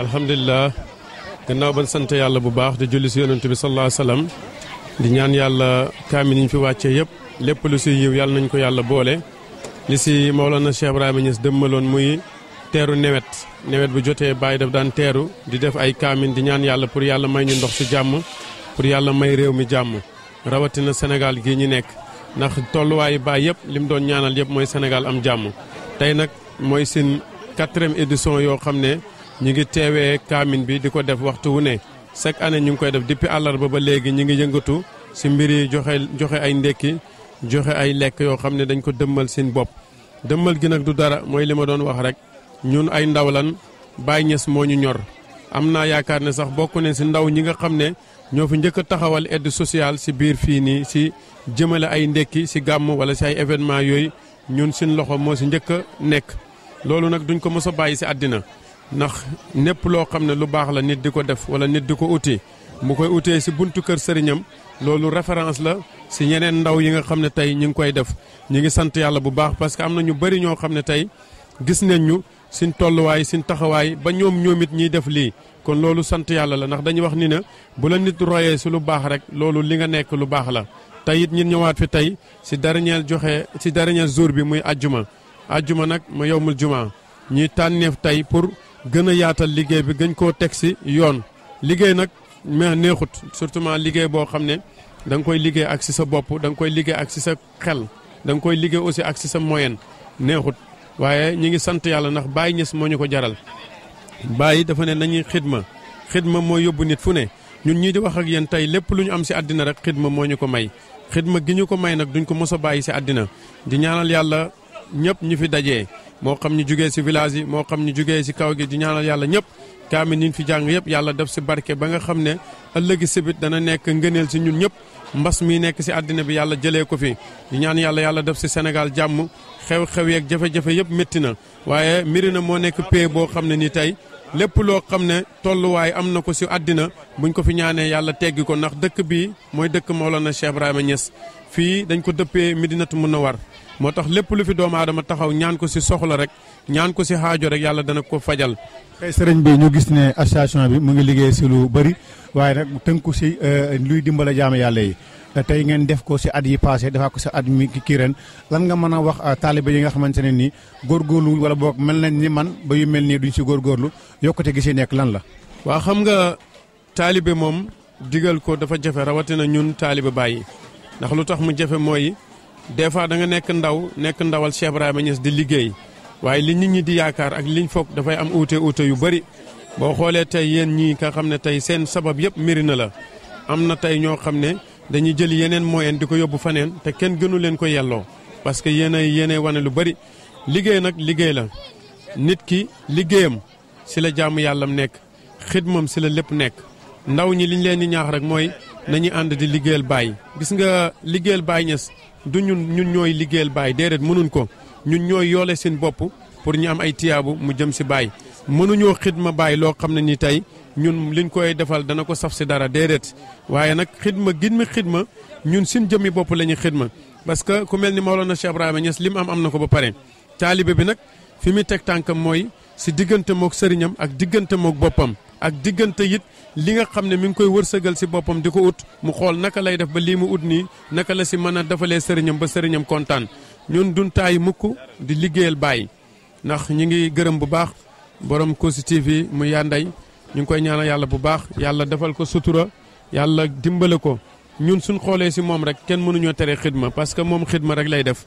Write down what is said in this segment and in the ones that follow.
alhamdulilah gannaaw ba sant yàlla bu baax di julli si yonent bi sallallahu alayhi wasallam di ñaan yàlla kaamil ñu fi wàccee yëpp lépp lu si yiw yàlla nañ ko yàlla boole li si Mawlana Cheikh Ibrahima Niass dëmmaloon muy teeru newet newet bu jotee bàyyi daf daan teeru di def ay kaamin di ñaan yàlla pour yàlla may ñu ndox si jàmm pour yàlla may réew mi jàmm rawatina Sénégal gii ñu nekk ndax tolluwaayu baay yëpp li mu doon ñaanal yëpp mooy Sénégal am jàmm tey nag mooy yoo xam ne ñu ngi teewee kaamin bi di ko def waxtu wu ne chaque année ñu ngi koy def depuis àllarba ba léegi ñu ngi yëngatu si mbir yi joxe joxe ay ndekki joxe ay lekk yoo xam ne dañ ko dëmmal seen bopp. dëmmal gi nag du dara mooy li ma doon wax rek ñun ay ndaw lan Baay Ñas moo ñu ñor am naa yaakaar ne sax bokk ne si ndaw ñi nga xam ne ñoo fi njëkk a taxawal aide sociale si biir fii nii si jëmale ay ndekki si gàmm wala si ay événement yooyu ñun suñ loxo moo si njëkk a nekk loolu nag duñ ko mos a bàyyi si àddina ndax népp loo xam ne lu baax la nit di ko def wala nit di ko uti mu koy utee si buntu kër sëriñam loolu référence la si ñeneen ndaw yi nga xam ne tey ñu ngi koy def ñu ngi sant yàlla bu baax parce que am na ñu bëri ñoo xam ne tey gis nañ ñu suñ tolluwaay suñ taxawaay ba ñoom ñoom it ñiy def lii kon loolu sant yàlla la ndax dañuy wax ni ne bu la nit royee si lu baax rek loolu li nga nekk lu baax la tey it ñun ñëwaat fi tey si dernier joxe si dernier jour bi muy ajjuma ajjuma nag ma juma gën a yaatal liggéey bi gën koo teg si yoon liggéey nag mais neexut surtout liggéey boo xam ne danga koy liggéey ak si sa bopp danga koy liggéey ak si sa xel danga koy liggéey aussi ak si sa moyen neexut waaye ñu ngi sant yàlla ndax Baye Niass moo ñu ko jaral bàyyi dafa ne nañuy xidma xidma moo yóbbu nit fu ne ñun ñii di wax ak yéen tey lépp lu ñu am si àddina rek xidma moo ñu ko may xidma gi ñu ko may nag duñ ko mos a bàyyi si àddina di ñaanal yàlla ñëpp ñu fi dajee moo xam ñu jugee si village yi moo xam ñu jugee si kaw gi di yàlla ñëpp kaamil ñu fi jàng yëpp yàlla def si barke ba nga xam ne ëllëgi sibit dana nekk ngëneel si ñun ñëpp mbas mi nekk si àddina bi yàlla jëlee ko fi di ñaan yàlla yàlla def si Sénégal jàmm xew-xew yeeg jafe-jafe yëpp métti na waaye mbiri na moo nekk pay boo xam ne ni tey lépp loo xam ne tolluwaay am na ko si àddina buñ ko fi ñaanee yàlla teggi ko ndax dëkk bii mooy dëkk Mawlana Cheikh Ibrahima Niass fii dañ ko dëppee Medinatu Munawwar moo tax lépp lu fi doomu aadama taxaw ñaan ko si soxla rek ñaan ko si xaajo rek yàlla dana ko fajal. tey sëriñ bi ñu gis ne association bi mu ngi liggéey si lu bëri waaye nag tënku si eh, luy dimbale jaamu yàlla yi tey ngeen def ko si at yi passé defaa ko si at mi kii ren lan nga mën a wax eh, taalibe yi nga xamante ne nii góorgóorlu wala boog mel na ni man ba yu mel nii duñ ci góorgóorlu yokkute gi si nekk lan la. waa xam nga taalibe moom digal ko dafa jafe rawatina ñun taalibe bàyyi mooy des fois da nekk ndaw nekk ndawal Cheikh Ibrahima Niass di liggéey waaye li nit ñi di yaakaar ak liñ foog dafay am uute uute yu bëri boo xoolee tey yéen ñii nga xam ne tey seen sabab yëpp Médina la am na tey ñoo xam ne dañuy jël yeneen moyen di ko yóbbu faneen te kenn gënu leen ko yelloo parce que yéen ay yéen wane lu bëri liggéey nag liggéey la nit ki liggéeyam si la jaamu yàllam nekk xidmam si la lépp nekk ndaw ñi liñ leen di ñaax rek mooy nañu ànd di liggéeyal bàyyi gis nga liggéeyal Baye Niass du ñun ñun ñooy liggéeyal Baye déedéet mënuñ ko ñun ñooy yoole seen bopp pour ñu am ay tiyaabu mu jëm si Baye mënuñoo xidma bàyyi loo xam ne ni tey ñun liñ koy defal dana ko saf si dara déedéet waaye nag xidma gin mi xidma ñun suñ jëmmi bopp la ñu xidma parce que ku mel ni Maolana Cheikh Ibrahima Niass li mu am am na ko ba pare taalibe bi nag fi muy teg tànkam mooy si diggante mook sëriñam ak diggante mook boppam ak diggante it li nga xam ne mi ngi koy wërsëgal si boppam di ko ut mu xool naka lay def ba lii mu ut nii naka la si mën a defalee sëriñam ba sëriñam kontaan ñun dun taay mukk di liggéeyal bàyyi ndax ñu ngi gërëm bu baax borom Kossy TV mu yanday ñu ngi koy ñaanal yàlla bu baax yàlla defal ko sutura yàlla dimbale ko ñun suñ xoolee si moom rek kenn mënuñoo tere xidma parce que moom xidma rek lay def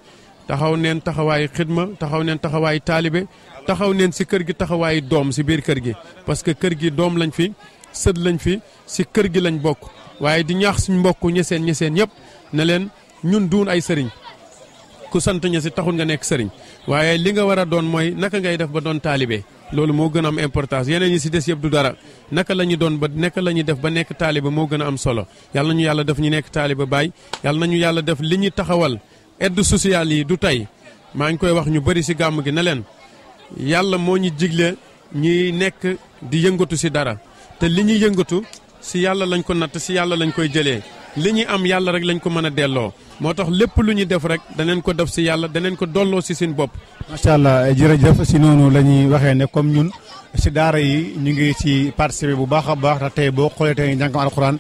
taxaw neen taxawaayu xidma taxaw neen taxawaayu taalibe taxaw neen si kër gi taxawaayu doom si biir kër gi parce que kër gi doom lañ fi sët lañ fi si kër gi lañ bokk waaye di ñaax suñ mbokk ñeseen ñeseen yëpp ne leen ñun duun ay sëriñ ku sant ña si taxul nga nekk sëriñ waaye li nga war a doon mooy naka ngay def ba doon taalibe loolu moo gën a am importance yeneen yi si des yëpp du dara naka la ñu doon ba naka la ñuy def ba nekk taalibe moo gën a am solo yàlla nañu yàlla def ñu nekk taalibe baay yàlla nañu yàlla def li ñu taxawal aide sociale yi du tey maa ngi koy wax ñu bëri si gàmm gi na leen yàlla moo ñu jigle ñuy nekk di yëngatu si dara te li ñuy yëngatu si yàlla lañ ko natt si yàlla lañ koy jëlee li ñuy am yàlla rek lañ ko mën a delloo moo tax lépp lu ñuy def rek daneen ko def si yàlla daneen ko dolloo si seen bopp. macha allah jërëjëf si noonu la ñuy waxee ne comme ñun si daara yi ñu ngi si participer bu baax a baax te tey boo xoolee tey njàngam alxuraan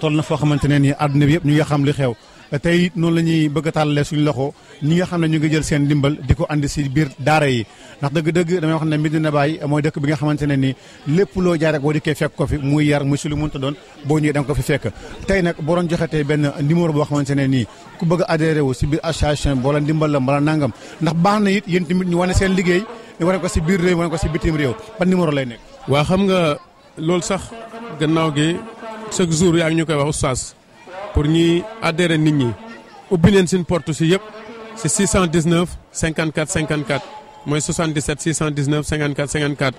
toll na foo xamante ne nii àdduna yëpp ñu ngi xam li xew. tey noonu la ñuy bëgg a tàllalee suñu loxo ñi nga xam ne ñu ngi jël seen ndimbal di ko indi si biir daara yi ndax dëgg-dëgg damay wax ne Medina Baye mooy dëkk bi nga xamante ne ni lépp loo jaar rek boo dikkee fekk ko fi muy yar muy si lu mënta doon boo ñëwee da nga ko fi fekk tey nag boo doon joxe tey benn numéro boo xamante ne nii ku bëgg a adhéré wu si biir association bi wala ndimbal la wala nangam ndax baax na it yéen tamit ñu wane seen liggéey ñu wane ko si biir ko si bitim réew ban numéro lay xam nga loolu sax gannaaw gi chaque jour yaa ngi ñu koy wax oustaz pour ñuy adhérer nit ñi ubbi leen seen porte si yëpp si 619 54 54 mooy 77 619 54 54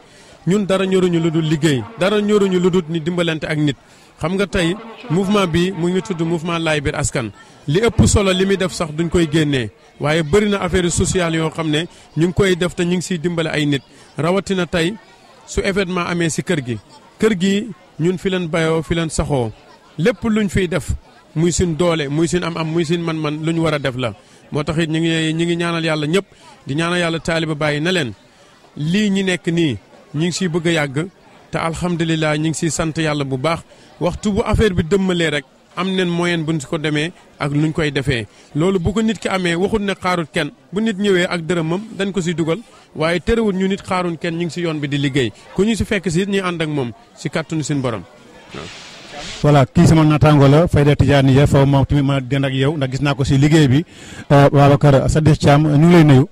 ñun dara ñoruñu lu dul liggéey dara ñoruñu lu dul ni dimbalante ak nit xam nga tey mouvement bi mu ngi tudd mouvement laay biir askan li ëpp solo li muy def sax duñ koy génnee waaye bëri na affaire sociale yoo xam ne ñu ngi koy def te ñu ngi siy dimbale ay nit rawatina tey su événement amee si kër gi kër gi ñun fi leen bayoo fi leen saxoo lépp luñ fiy def muy suñ doole muy suñ am-am muy suñ man-man lu ñu war a def la. moo taxit it ñu ngi ñu ngi ñaanal yàlla ñëpp di ñaanal yàlla taaliba bàyyi na leen lii ñi nekk nii ñu ngi siy bëgg a yàgg te alhamdulilah ñu ngi siy sant yàlla bu baax waxtu bu affaire bi dëmmalee rek am nen moyen buñ si ko demee ak luñ koy defee. loolu bu ko nit ki amee waxut ne xaarut kenn bu nit ñëwee ak dërëmam dañ ko si dugal waaye terewul ñu nit xaarun kenn ñu ngi si yoon bi di liggéey ku ñu si fekk si it ñuy ànd moom si kàttanu suñu borom voilà kii sama naataango la Fayda Tidiane ya faw moom tamit ma dend ak yow ndax gis naa ko si liggéey bi euh, Babacar Sadikh Thiam ñu nu lay nuyu.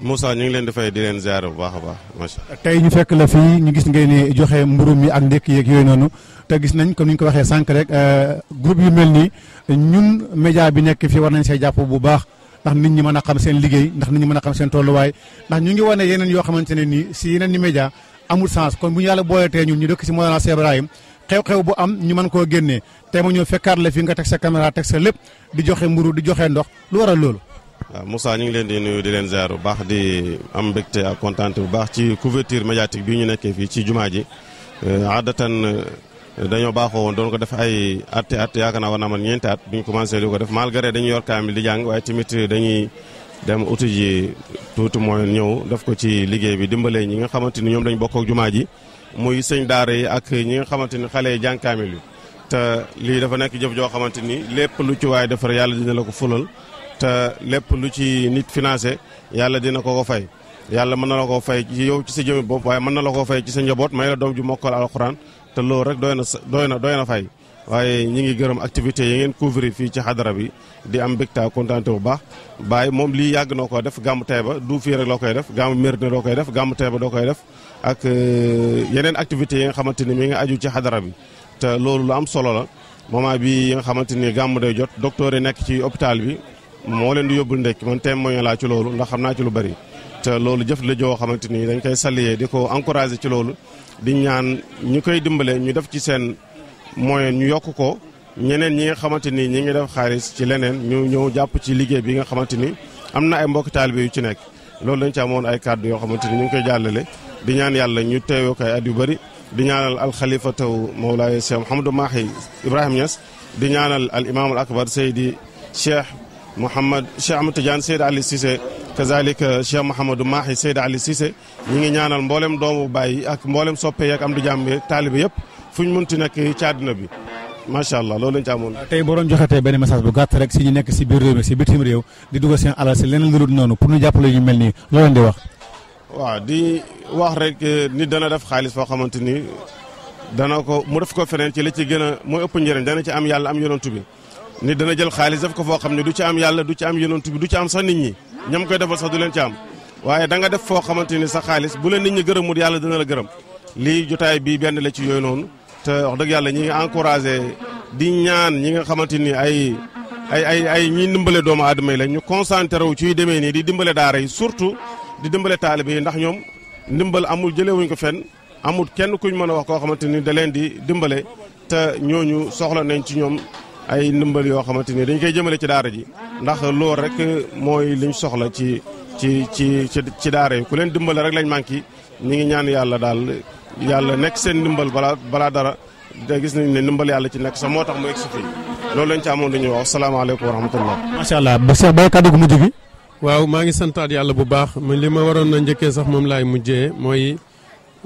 Moussa ñu ngi leen di fay di leen ziar bu baax baax tey ñu fekk la fii ñu gis ngay ne joxe mburu mi ak ndékki yeeg yooyu noonu te gis nañ comme ni ñu ko waxee sànq rek euh, groupe yu mel nii ñun média bi nekk fii war nañ see jàpp bu baax ndax nit ñi mën a xam seen liggéey ndax nit ñi mën a xam seen tolluwaay ndax ñu ngi wane yeneen yoo xamante ne nii si yeneen i média amul sens kon bu ñu yàlla booyatee ñun ñu dëkk si Mawlana Cheikh Ibrahim xew-xew bu am ñu mën koo génnee tey ma ñëw fekkaat la fi nga teg sa caméra teg sa lépp di joxe mburu di joxe ndox lu waral loolu. waaw Moussa ñu ngi leen di nuyu di leen ziar bu baax di am mbégte ak kontaante bu baax ci couverture médiatique bi ñu nekkee fii ci jumaa ji aadatan euh, euh, dañoo baaxoo woon doon ko def ay at at yaakaar naa war naa man ñeenti at bi ñu commencé di ko def malgré dañu yor kaamil di jàng waaye tamit dañuy dem uti ji tuuti mooy ñëw def ko ci liggéey bi dimbalee ñi nga xamante ni ñoom dañ bokk jumaa ji muy sëñ daara yi ak ñi nga xamante ni xale yi jànkaamil yi te lii dafa nekk jëf joo xamante ni lépp lu ci waay defar yàlla dina la ko fulal te lépp lu ci nit financé yàlla dina ko ko fay yàlla mën na la ko fay ci yow ci sa jëmi bopp na la ko fay njaboot may la doom ju mokkal alxuraan te loolu rek doy na doy na dooy na fay waaye ñi ngi gërëm activité yi ngeen couvrir fii ci xadara bi di am mbégte kontaante bu baax Baye moom lii yàgg na ko def gàmmu Taïba du fii rek loo koy def gàmmu Mérina doo koy def gàmmu Taïba doo koy def ak euh, yeneen activités yi nga xamante ni mi ngi aju ci xadara bi te loolu lu am solo la moment bi yi nga xamante ni gàmm day jot docteur yi nekk ci hôpital bi moo leen di yóbbul ndekk man témoin laa ci loolu ndax xam naa ci lu bari te loolu jëf la joo xamante ni dañ koy saliyee di ko encouragé ci loolu dimbale ñu def ci seen mooy ñu yokk ko ñeneen ñi nga xamante ni ñi ngi def xaalis ci leneen ñu ñëw jàpp ci liggéey bi nga xamante ni am na ay mbokk taalibe yu ci nekk loolu lañ ci amoon ay kàddu yoo xamante ni ñu ngi koy jàllale di ñaan yàlla ñu teewee ko ay at yu bëri di ñaanal alxalifataw Mawlaay Cheikh Mouhamadou Mahi Ibrahima Niass di ñaanal al imaam al akbar Seydi Cheikh mu Cheikh Ahmad Tidiane Seydi Ali Cissé kazalika Cheikh Mouhamadou Mahi Seydi Ali Cissé ñi ngi ñaanal mboolem doomu Baye ak mboolem soppe yeeg am du jàmm taalibe yëpp fu ñu mënti nekk ci àddina bi macha allah loolu lañ ci amoon. tey boo doon joxe tey benn message bu gàtt rek si ñu nekk si biir réew mi si bitim réew di dugal seen alal si leneen lu dul noonu pour ñu jàppale ñu mel nii loolu di wax. waaw di wax rek eh, nit dana def xaalis foo xamante ni dana ko mu def ko feneen ci la ci gën a mooy ëpp njëriñ dana ci am yàlla am yonantu bi nit dana jël xaalis def ko foo xam ne du ci am yàlla du ci am yonantu bi du ci am sax nit ñi ñam koy defal sax du ci am waaye da nga def foo xamante ni sa xaalis bu leen nit ñi gërëmul yàlla dana la gërëm lii jotaay bii benn la ci yooyu noonu te wax dëgg yàlla ñi ngi encouragé di ñaan ñi nga xamante ni ay ay ay ay ñi dimbale doomu aadama yi la ñu concentré wu ciy demee nii di dimbale daara yi surtout di dimbale taalibe yi ndax ñoom ndimbal amul jëlewuñ ko fen amul kenn kuñ mën a wax koo xamante ni da leen di dimbale te ñooñu soxla nañ ci ñoom ay ndimbal yoo xamante ni dañ koy jëmale ci daara ji ndax loolu rek mooy liñ soxla ci ci ci ci daara yi ku leen dimbale rek lañ manqué ñi ngi ñaan yàlla daal yàlla nekk seen ndimbal balaa balaa dara da gis nañ ne ndimbal yàlla ci nekk sax moo tax mu egg si lañ ci amoon lu ñuy wax salaamaaleykum wa rahmatullah. macha allah ba Cheikh Baye kaddu gu mujj bi waaw maa ngi santaat yàlla bu baax man li ma waroon na njëkkee sax moom laay mujjee mooy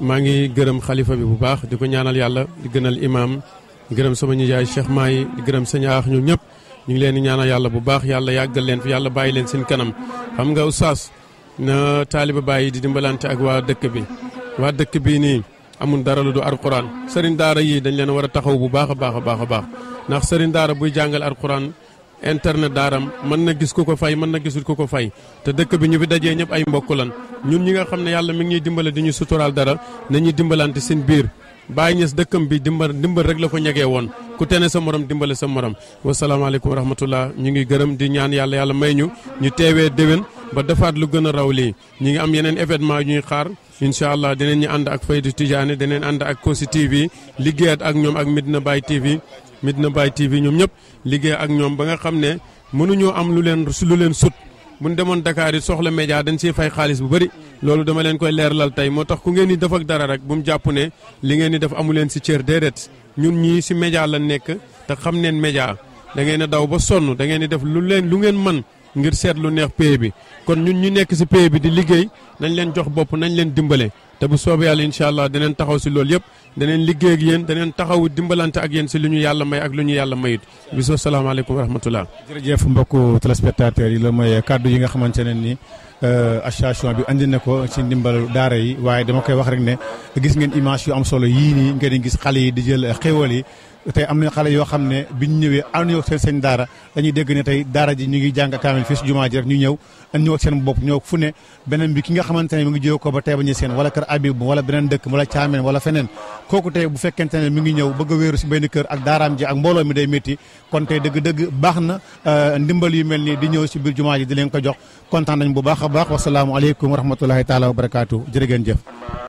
maa ngi gërëm xalifa bi bu baax di ko ñaanal yàlla di gënal imaam di gërëm sama nijaay Cheikh maa di gërëm sa ñaax ñoom ñëpp ñu ngi leen di ñaanal yàlla bu baax yàlla yàggal leen fi yàlla bàyyi leen seen kanam xam nga oustaz na taaliba bàyyi di dimbalante ak waa dëkk bi amul dara lu du alquran sëriñ daara yii dañ leen war a taxaw bu baax a baax a baax a baax ndax sëriñ daara buy jàngal alquran internet daaram mën na gis ku ko fay mën na gisul ku ko fay te dëkk bi ñu fi dajee ñëpp ay mbokk ñun ñi nga xam ne yàlla mi ngi ñuy dimbale di ñu suturaal dara nañuy dimbalante seen biir bàyyi ñes dëkkam bi dimbal dimbal rek la ko ñegee woon ku tene sa morom dimbale sa morom wasalaamaaleykum wa rahmatullah ñu ngi gërëm di ñaan yàlla yàlla may ñu ñu teewee déwén ba defaat lu gën a raw lii ñi ngi am yeneen événement yu ñuy xaar incha allah dinañ ñu ànd ak Faydu Tijaani dinañ ànd ak Kossy TV liggéeyat ak ñoom ak Medina Baye TV Medina Baye TV ñoom ñëpp liggéey ak ñoom ba nga xam ne mënuñoo am lu leen lu leen sut bu ñu demoon Dakar yi soxla média dañ siy fay xaalis bu bari loolu dama leen koy leeralal tey moo tax ku ngeen di def ak dara rek bu mu jàpp ne li ngeen di def amu leen si cër déedéet ñun ñii si média la nekk te xam neen média da ngeen a daw ba sonn da ngeen di def lu leen lu ngeen mën ngir seet lu neex pay bi kon ñun ñu nekk si pay bi di liggéey nañ leen jox bopp nañ leen dimbale te bu soobee yàlla incha allah daneen taxaw si loolu yëpp daneen liggéey ak yéen daneen taxaw dimbalante ak yéen si lu ñu yàlla may ak lu ñu yàlla mayit bisoo salaamaaleykum wa rahmatullah jërëjëf mbokku téléspectateurs yi la mooy kàddu yi nga xamante ne ni euh, association bi andi na ko ci ndimbalu daara yi waaye dama koy wax rek ne gis ngeen image solo yii nii ngeen gis xale yi di jël xéwal yi tey am nañu xale yoo xam ne bi ñu ñëwee ànduñu ak seen seen daara dañuy dégg ne tey daara ji ñu ngi jàng kaamil fii si jumaa ji rek ñu ñëw ñëw seen bopp ñëw fu ne beneen bi ki nga xamante ne mi ngi jóge ko ba tey ba seen wala kër Abib wala beneen dëkk wala Caameen wala feneen kooku tey bu fekkente ne mi ngi ñëw bëgg a wéeru si benn kër ak daaraam ji ak mbooloo mi day métti kon tey dëgg-dëgg baax na euh, ndimbal yu mel nii di ñëw si biir jumaa ji di leen ko jox kontaan nañ bu baax a baax wasalaamu aleykum wa rahmatullahi taala wa barakaatu jërëgeen jëf